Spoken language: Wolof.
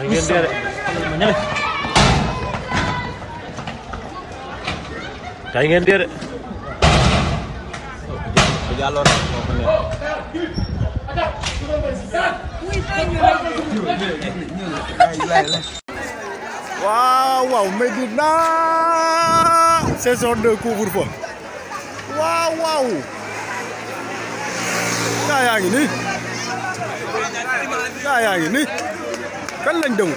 ak ngeen dee de kay ngeen dee de waaw waaw Médina saison de couvre-feu waaw waaw gaa yaa ngi nii gaa yaa ngi nii kan lañ dëngu